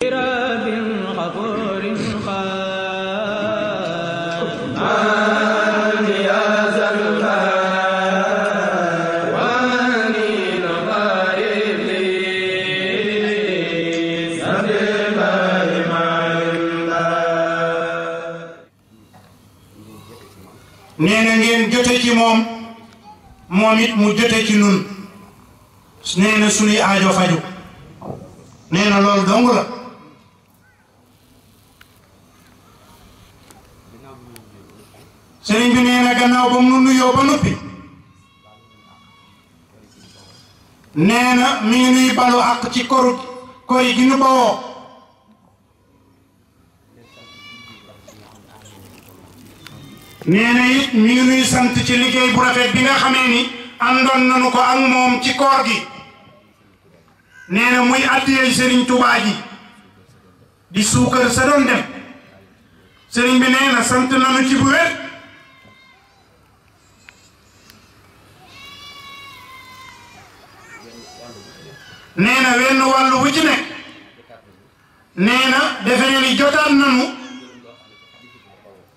nee na ngeen jote ci moom moom it mu jote ci nun nee na aajo faju nee na sëriñ bi nee na gannaaw ba mu nuyoo ba noppi nee na mi ngi nuy balu àq ci koru kori gi nu bawoo mi ngi nuy sant ci liggéey bu rafet bi nga xamee ni àndoon nañu ko am moom ci koor gi nee na muy addiyey sëriñ Tuubaa di suukar sa doon dem sëriñ bi nee na sant ci bu wér nee na wenn wàllu wu ci nekk nee na defe ne ni jotaat nanu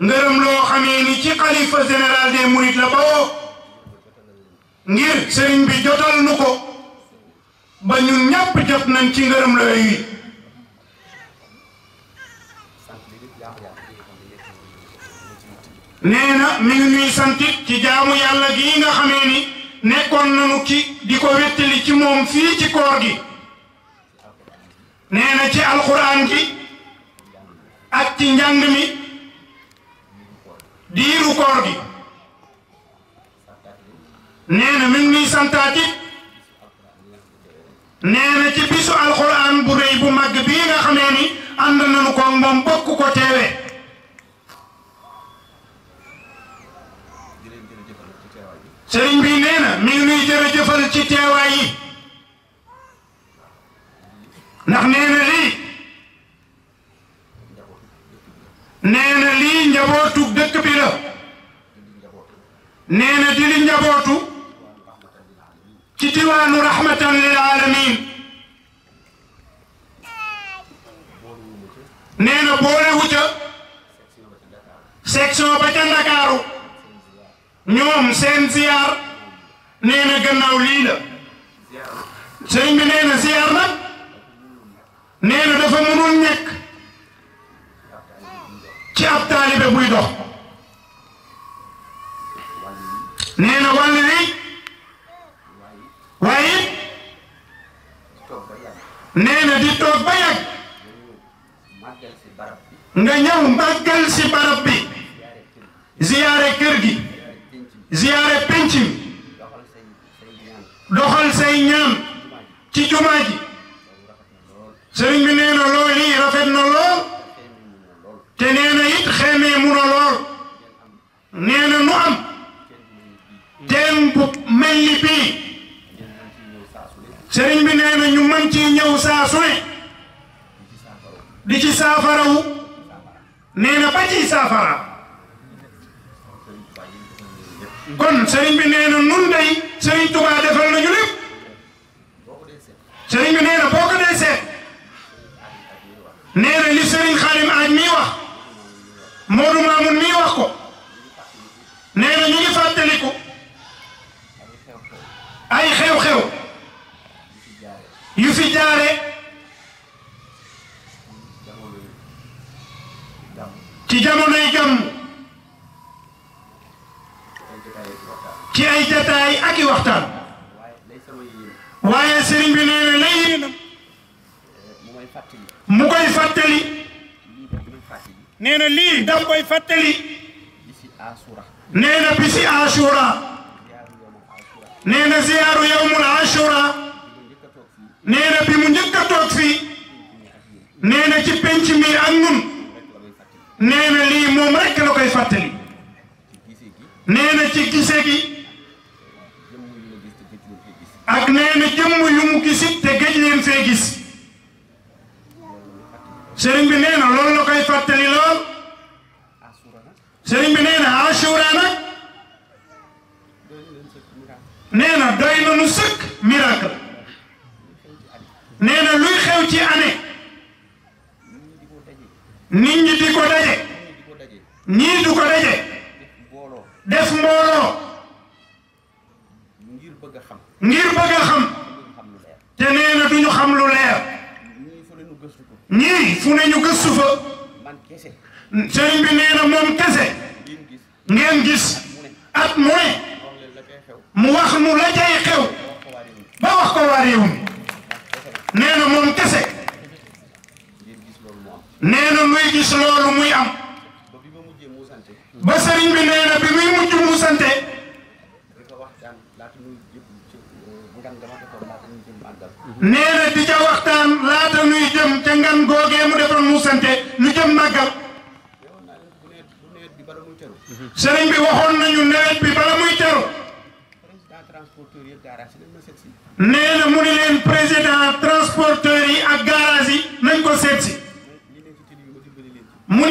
ngërëm xamee ni ci xalifa général des mourides la bawoo ngir sëriñ bi jotal nu ko ba ñun ñàpp jot nañ ci ngërëm la yi mi ngi ñuy santit ci jaamu yàlla gii nga xamee ni nekkoon nanu ki di ko wéttali ci moom fii ci koor gi nee ci alxuraan gi ak ci njàng mi diiru koor gi nee na mi ngi na alxuraan bu rëy bu mag bii nga xamee ni ànd nanu ko moom bokk ko teewee mi ngi nuy jërëjëfal ci teewaay yi ndax nee na lii nee na lii dëkk bi na di li njabootu ci diwaanu rahmatan lil alamin nee boole wu ca ba ca ñoom seen ziyaar nee na gannaaw lii la sëriñ bi nee na ziar nag nee na dafa ci ab taalibe buy dox nee na wàll waaye it di toog ba nga ñëw màggal si barab ziyaare kër gi ziyaare sëriñ bi nee na rafet na lool te nee na it xemee lool nee nu am teen mel ni sëriñ bi nee ñu mën ci ñëw saa su ne di ci saafarawu nee ba ci saafara kon sëriñ bi nee nun day sëriñ Tuubaa defal nañu lépp sëriñ bi nee na boo ko dee seet nee na li sëriñ Xaalim aaj mii wax Moodu Maamun mii wax ko nee na ñu xew-xew yu fi jaare ci jamonoy gàmm ci ay jataay ak i waxtaan waaye sëriñ bi nee na la yéenam mu koy fàttali nee lii dam koy fàttali nee na bisi asura nee na ziyaaru yowmul asura nee na mu njëkk a toog fii nee ci penc mi ak nun nee na lii moom rekk koy fàttali nee ci gise gi ak nee na jëmm yu mu gisit te géej leen fee gis sëriñ bi nee na loolu la koy bi nee na asura nag nee nu sëkk miracle nee na luy xew ci année nit ñi di ko daje ñii du ko daje def mbooloo ngir bëgg a xam te nee na duñu xam lu leer ñii fu ne ñu gëstu fa sëriñ bi nee moom kese ngeen gis at mu ne mu wax nu la cay xew ba wax ko waa réew moom kese nee na gis loolu muy am ba sëriñ bi nee na bi muy mujj mu nee na di ca waxtaan laata nuy jëm ca ngan googee mu defoon mu sante nu jëm màggal. sëriñ bi waxoon nañu nawet bi bala muy teru. na ko seet si. mu na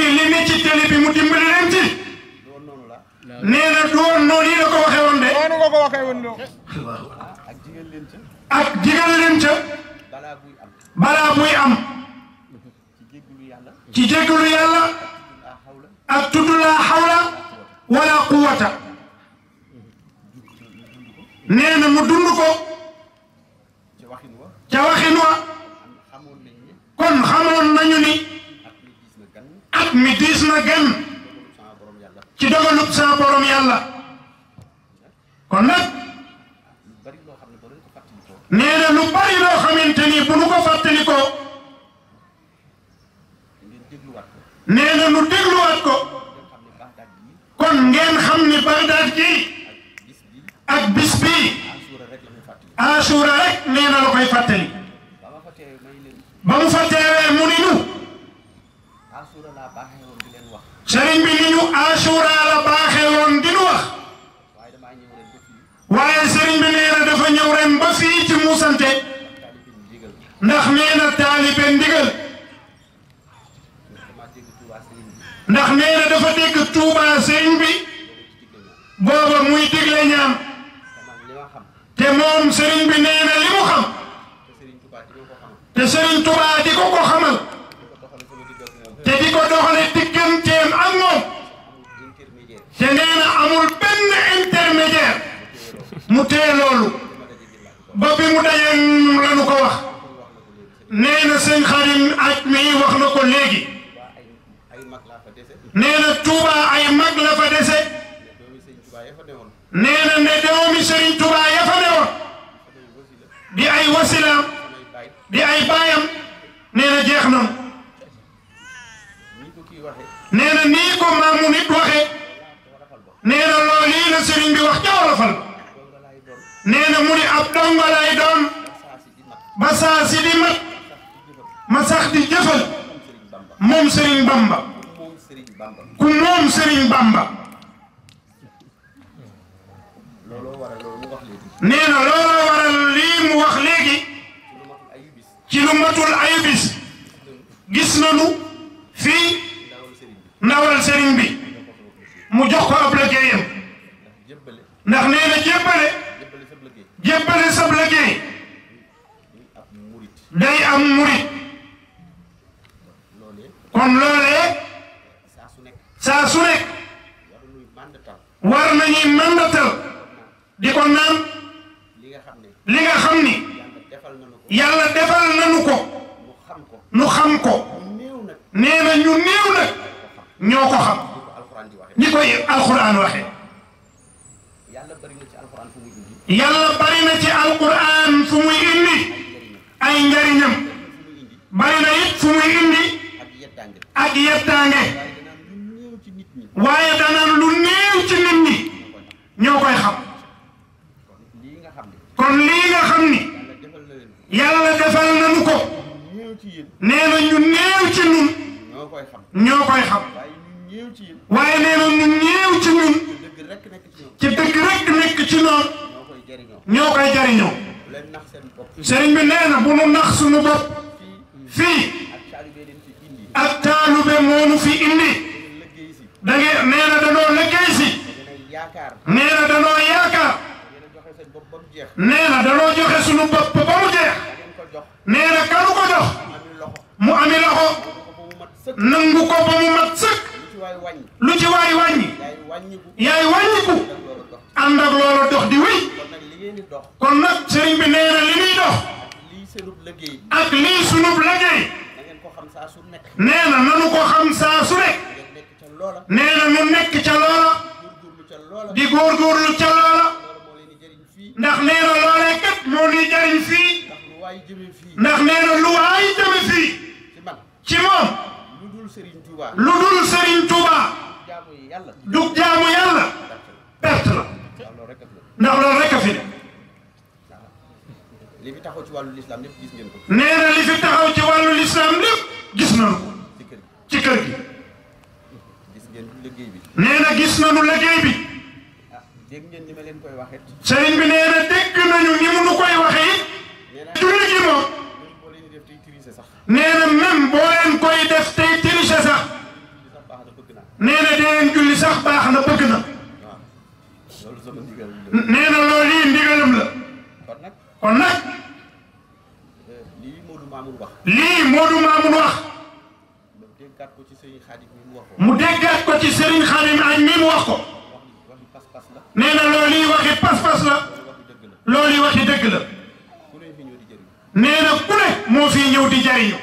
du ak digal leen ca balaa muy am ci jégalu yàlla ak tudd laa wala kuwata, nee na mu dund ko kon xamoon nañu ni at mi diis na gan ci dogalub saa borom kon nee na lu loo xamante bu nu ko fàttali ko nee na nu dégluwaat ko kon ngeen xam ni Bagdad gi ak bis bi Asuura rek nee la koy fàttali ba mu fa teewee mu ni ñu sëriñ bi ni ñu Asuura la baaxee wax waaye sëriñ bi nee na dafa ñëw ren ba fii ci muusante ndax nee na taalibe ndigal ndax na dafa dégg tuubaa sëriñ bi booba muy digle ñaam te moom sëriñ bi nee li mu te sëriñ Tuubaa di ko ko xamal te di ko doxale digganteem ak moom te nee na mu téye loolu ba bi mu dajee la nu ko wax nee na sëñ Xarim aj wax na ko léegi nee ay mag la fa dese nee na ne doomi Sëriñ Touba ya fa newoon di ay wasilaam di ay baayam nee na jeex na nee nii ko maamu nit waxe nee na loolu lii bi wax ca Wolofal neena mu ne ab dongo lay doon ba saa si di mat ma sax di jëfal moom Serigne Bamba ku moom Serigne Bamba nee na looloo waral lii mu wax léegi ci lu matul ay bis gis nañu fii ndawal Serigne bi mu jox ko ab liggéeyam ndax nee na jébbale jébbale sab liggéey day am murit kon loolee saa su nekk war nañuy mandatal di ko naan li nga xam ni yàlla defal nañu ko nu xam ko nee na ñu néew nag ñoo ko xam ñi koy alxuraan waxe yàlla bari na ci alquran fu muy indi ay njariñam bari na it fu muy indi ak yettaange waaye danaan lu néew ci nit ñi ñoo koy xam kon lii nga xam ni yàlla defal nañu ko nee na ñu néew ci ñun ñoo koy xam waaye nee a ñu néew ci ñun ñoo koy jariñoo sëriñ bi nee na bu nu nax suñu bopp fii ak taalube moonu fi indi da ngeen nee na danoo liggéey si nee na danoo yaakaar nee na danoo joxe suñu bopp ba mu jeex nee na kanu ko jox mu ami loxo nangu ko ba mu mat sëkk lu ci waay wàññi yaay wàññiku ànd ak loola dox di wéy kon nag sëriñ bi nee na li muy dox ak lii sunub liggéey nee na nanu ko xam saa su nekk nee na nu nekk ca loola di góorgóorlu ca loola ndax nee na loolee kat moo nuy jariñ fii ndax nee na lu waay jëme fii ci moom lu dul sëriñ Tuuba dug jaamu yàlla ndax loolu rek a fi. li fi taxaw ci wàllu lislaam lépp gis ngeen ko. nee na li fi taxaw ci wàllu lislaam lépp gis nañu ko. ci kër gi ci kër gi. gis ngeen liggéey bi. nee na gis nañu liggéey bi. ah dégg ngeen ni ma leen koy waxee. sëriñ bi nee na dégg nañu ni mu nu koy waxee. julli gi moom. nee na même boo leen koy def tey triche sax. nee na dee leen julli sax baax na bëgg na. nee na loolu yi la. kon nag kon nag. lii Modou Mamoun wax. lii Modou Mamoun wax. mu déggaat ko ci Serigne Khadim mi mu wax ko. mu déggaat ko ci waxi pas-pas la. loolu yi waxi dëgg la. nee na ku ne moo fii ñëw di jariñu.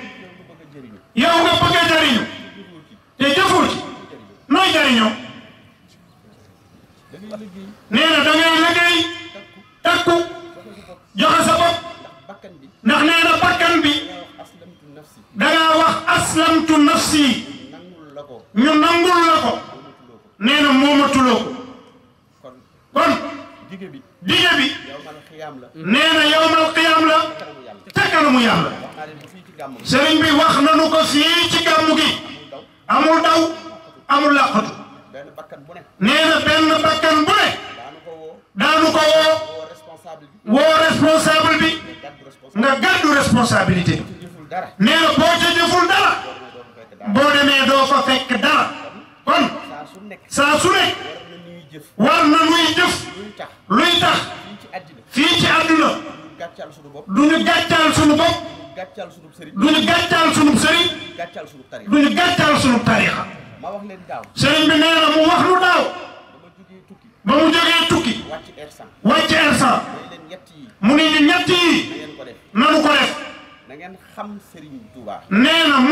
yow nga bëgg jariñu. te jëful ci. nooy nee na da ngay liggéey takku joxe sa bopp ndax nee bi da ngaa wax aslamtu nafsi ñu nangul la ko nee na moomatuloo ko kon dige bi nee na yowmal qiyaam la ca kanamu yàlla sëriñ bi wax nanu ko fii ci gàmmu gi amul daw amul làqatu benn bakkan bu na benn bakkan bu ne. daanu ko woo. daanu ko woo. woo responsable bi. nga gàddu responsabilité. nee na boo dara. boo demee doo fa fekk dara. kon saa su ne. war na nuy jëf. luy tax. fii ci àdduna. du ñu gàccaal sunu bopp. du ñu gàccaal sunu sëriñ. du ñu gàccaal sunu tariixa. serigne bi neena mu wax lu daw ba mu joge tukki wacc ersa mu ne nanu ko def na ngeen xam Touba mu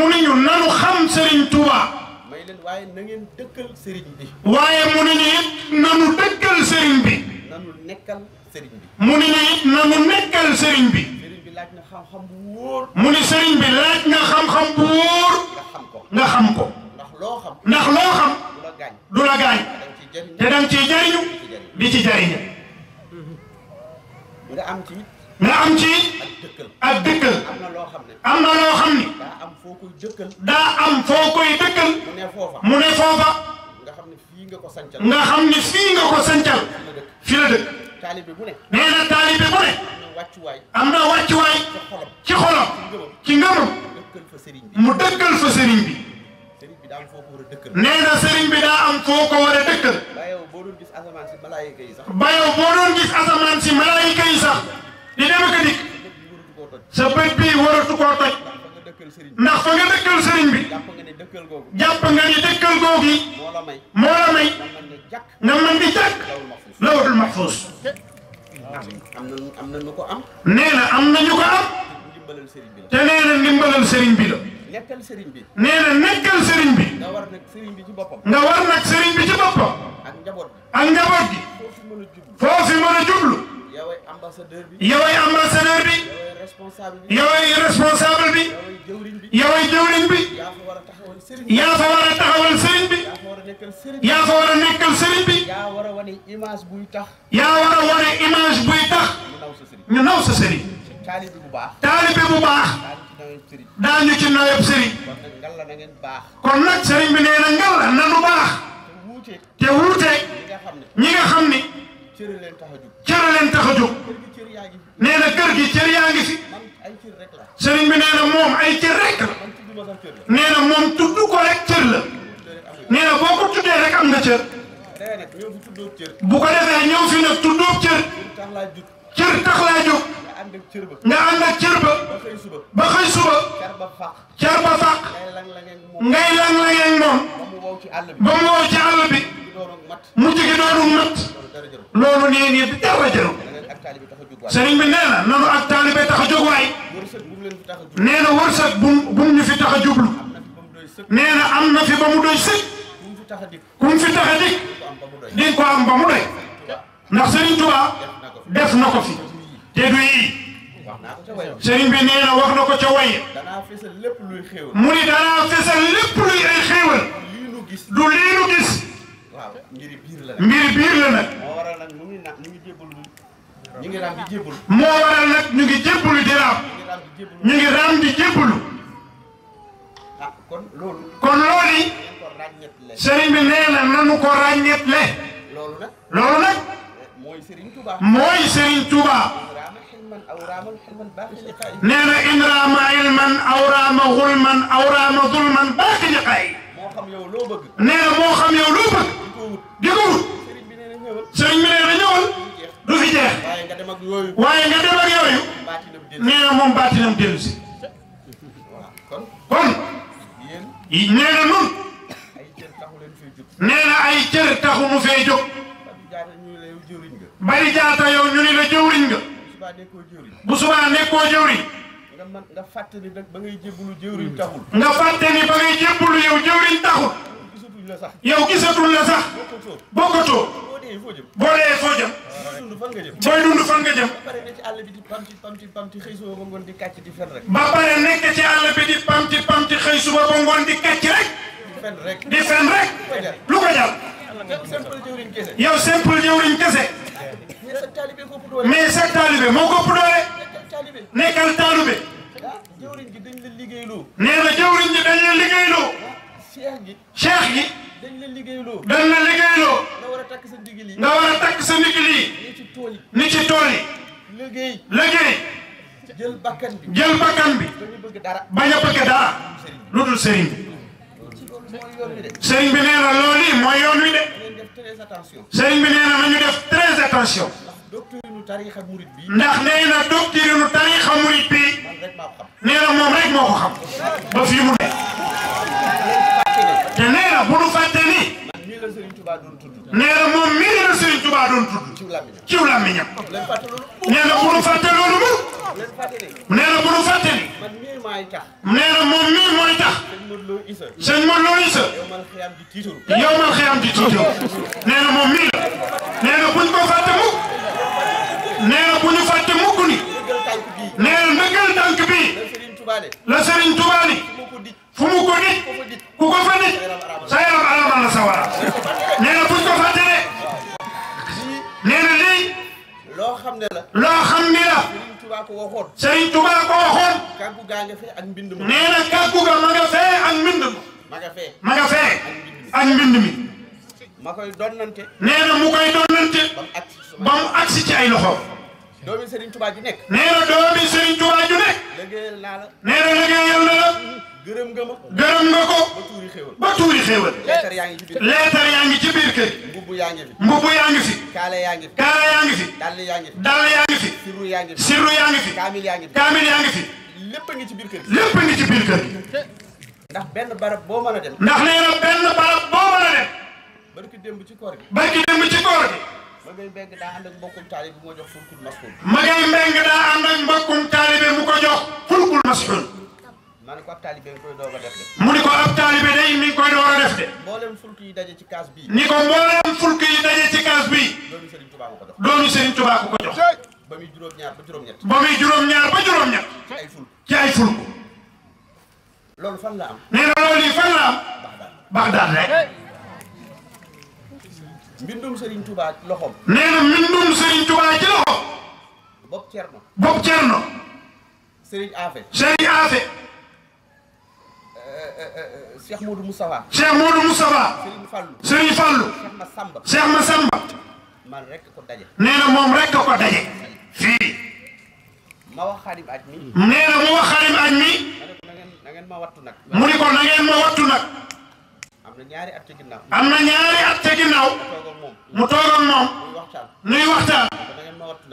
ne ñu nanu xam serigne Touba may leen na ngeen bi mu ne ñu nanu dëkkal sëriñ bi nanu nekkal bi mu ne ñu nanu nekkal serigne bi bi laaj na xam-xam bu mu ne bi laaj na xam-xam bu wor nga xam ndax loo xam du la gaañ te danga ciy jëriñu di ci jëriñu nga am ci nga am ci ak dëkkal am na loo xam ni daa am foo koy dëkkal mu ne foofa nga xam ni fii nga ko sancal nga xam ni fii nga ko sancal fi la dëkk taalibe bu ne nee na taalibe bu ne am na wàccuwaay ci xolam ci ngëmam mu dëkkal fa sëriñ bi nee na sëriñ bi daa am foko wara war a dëkkal. bayaw boo doon gis asaman si malaayika yi sax. bayaw boo doon gis asamaan si malaayika yi sax di dem ak a sa bët bii waratu koo toj ndax fa nga dëkkal sëriñ bi jàpp nga ni dëkkal googu yi moo la may nga mën di jàkk lawhul mahfuus. am na ñu am. nee na am na ñu ko am te nee na ndimbalal bi la. nekkal sëriñ bi. nee na nekkal sëriñ bi. nga war nag sëriñ bi ci boppam. nga war nag sëriñ bi ci boppam. ak njaboot bi. ak njaboot bi. foo fi mën a jublu. yoway ambassadeur bi. yoway ambassadeur bi. yoway responsable bi. yoway responsable bi. yoway jëwriñ bi. yaa fa war a taxawal sëriñ bi. yaa fa war a taxawal sëriñ bi. yaa fa war a nekkal sëriñ bi. yaa war a wane image buy tax. yaa war a wane image buy tax. ñu naw sa sëriñ. taalibe bu baax. taalibe bu baax. daañu ci nooyub sëriñ. kon nag sëriñ bi nee na ngalla na nu baax. te wuute. ñi nga xam ne. cëre leen tax a jóg. cëre leen tax a jóg. nee na gi cër yaa ngi fi. sëriñ bi nee na moom ay cër rek la. nee na moom tudd ko rek cër la. nee na boo ko tuddee rek am nga cër. bu ko defee ñëw fi nag tuddoo cër. cër tax laa jóg. ànd ak cër ba nga ànd ak cër ba ba xëy suba ba xëy suba car ba fàq car ba fàq ngay lang-langeeg moom ba mu wow ci àll bi ba mu wow ci àll bi mu jigi doonu mat loolu nee nii dara jaru sëriñ bi nee na nanu ak taalibe tax a jóg waay nee na wërsëg bu bu ñu fi tax a jublu nee na am na fi ba mu doy sëg ku mu fi tax a dik di nga ko am ba mu doy ndax sëriñ Tuubaa def na ko fi te du yi sëriñ bi nee na wax na ko ca way mu ni danaa fesal lépp luy ay xéewal du lii nu gis mbiri biir la nag moo waral nag ñu ngi jébbalu jaraaf ñu ngi raam di jébbalu kon loolu yi sëriñ bi nee na nanu ko ràññetle loolu nag موي سيرين توبا نينا ان رام علما او رام غلما او رام ظلما باخي لقاي نينا مو خم يو لو بك ديغو سيرين بي نينا دو في جيخ واي نغا ديم ak yoyu نينا موم باتينام ديلوسي كون كون نينا نون نينا اي تير تاخو مو bari jaata yow ñu ni la jëwriñ nga. bu subaa nekkoo jëwriñ. nga man nga fàttali nag ba ngay jébbalu jëwriñ taxul. nga fàttali ba ngay jébbalu yow jëwriñ taxul. gisatul la sax la sax. bokkatoo boo dee foo jëm. booy dund fan nga jëm. ba pare nekk ci àll bi di pamti pamti pamti xëy suba ba ngoon di kàcc di fen rek. ba pare nekk ci àll bi di pamti pamti xëy suba ba ngoon di kàcc rek. di fen rek di fen rek. lu ko jar. yow simple jëwriñ kese. mais sa taalibe moo ko ëpp doole nekkal taalibe nee na jëwriñ ji dañ la liggéeyloo cheikh gi dañ la liggéeyloo nga war a takk sa ndigil yi ni ci tool yi ni ci tool yi liggéey jël bakkan bi jël bakkan bi bañ a bëgg dara lu dul sëriñ bi sëriñ bi nee na loolu yi mooy yoon wi de sëriñ bi nee na nañu def très attention. doctrine tariixa murit bi ndax nee na doctrine tariixa murit bi nee na moom rek moo ko xam mu ne te nee na bu nu fàtte ni moom mii la Sëriñ Tuubaa doon tudd ciw làmmiñam nee na bu nu nee na bu nu fàtte ni. nee na moom mii mooy tax. sëñ Modou Lo Issa. yow man xiyam di tiituru. nee bii. la Serigne Touba fu mu ko ku ko fa nit. sa yaram alamaan la sa ne la. Tuubaa ko waxoon. Serigne Touba ko waxoon. ak mbind ma. nee na kàggu ma nga fee ak mbind ma. ma nga fee. ma nga fee ak na mu koy donnante. ba mu agsi ci ay loxo. leetar yaa ngi ci biir. kër. mbubu yaa ngi fi. kaala yaa ngi fi. kaala yaa ngi fi. sirru yaa ngi fi sirru yaa ngi fi. kaamil yaa ngi fi kaamil yaa ngi fi. lépp a ngi ci biir kër gi lépp a ngi ci biir kër gi. ndax benn barab boo mën a dem. ndax nee na benn barab boo mën a dem. barki démb ci koor gi. barki démb ci koor gi. ma ngay mbeng daa ànd ak mbokkum taalibe bi mu ko jox fulkul masxul. ma ngay mbeng daa ànd ak mbokkum taalibe mu ko jox fulkul masxul. ma ne ko ab taalibe mi koy doog a def de. mu ni ko ab taalibe day mi ngi koy doog a def de. mboolem fulk yi daje ci kaas bii. ni ko mboolem fulk yi daje ci kaas bii. doomu Serigne Touba ko jox doomu Serigne Touba ko jox. ba muy juróom-ñaar ba juróom-ñett. ba muy juróom-ñaar ba juróom-ñett. ci ay fulku ci ay fulku. loolu fan la am. nee na loolu yi fan la am. Bagdad rek. mbindum Serigne Touba ci loxoom. nee na mbindum Serigne Touba ci loxoom. Bopp Cerno. Bopp Cerno. Serigne Afe. Serigne Afe. Euh, euh, euh, Cheikh Modou Moustapha. Cheikh Modou Moustapha. Serigne Fallou. Serigne Fallou. Cheikh Massamba. Cheikh Massamba. man rek ko daje. nee na moom rek ko daje. ma wax xaadim aj mi. nee na mu wax xaadim aj mi. na ngeen ma wattu nag. mu ni ko na ngeen ma wattu nag. am na ñaari at ca ginnaaw. am na ñaari at ca ginnaaw. mu toog ak moom. nuy waxtaan.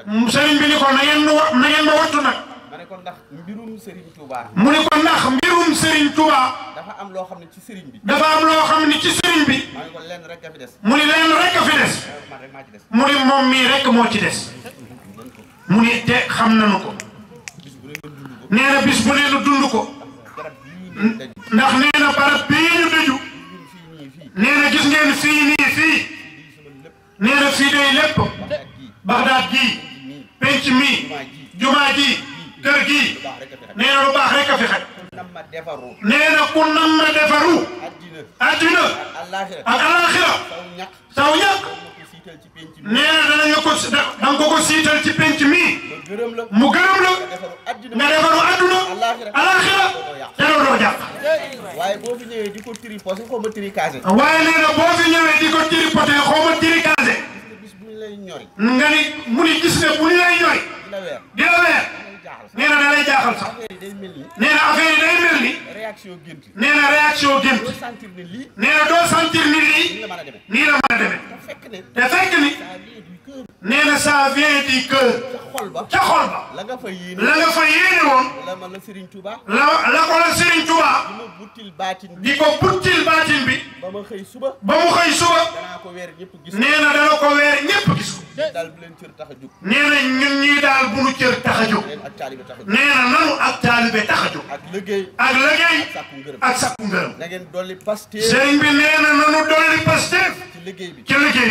Mm, sëriñ bi ni ko na ngeen ma na ngeen ma wattu nag. mu ni ko ndax mbirum sëriñ Touba. mu ni ko ndax mbirum sëriñ Touba. dafa am loo xam ne ci seriñ bi. dafa am loo xam ne ci sëriñ bi. mu ni ko lenn a fi des. mu ni lenn rek des. mu ni moom mii rek moo ci des. mu ni te xam nañu ko. nee na bis bu nee na dund ko ndax nee na barab bii ñu dëju nee na gis ngeen fii nii fii nee na fii day lépp gi nee na lu baax rek a fi xaj nee na ku nam ma defaru addina ak alaaxira saw ñàkk nee na danga ko danga ko ko siital ci penc mi mu gërëm la nga defaru fi tiri posé tiri casé. fi tiri posé tiri casé. nga ni mu ni gis bu lay ñori. nee na da lay jaaxal sax nee na affaire yi day mel ni nee na réaction gént nee na doo sentir ni lii nii la mën a demee te fekk ni nee na ça vient du cœur ca xol la nga fa yéene woon la ko la Serigne Touba di ko buttil baatin bi ba mu xëy suba nee na dana ko weer ñëpp gis daal bu leen cër tax a jóg nee na ñun daal bu nu dolli pasteef sëriñ bi nee na nanu dolli pasteef ci liggéey bi ci liggéey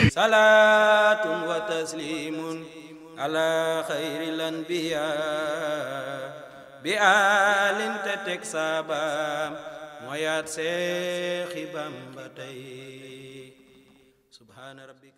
bi bi alin te teg saabaam mooyaat seexi Bamba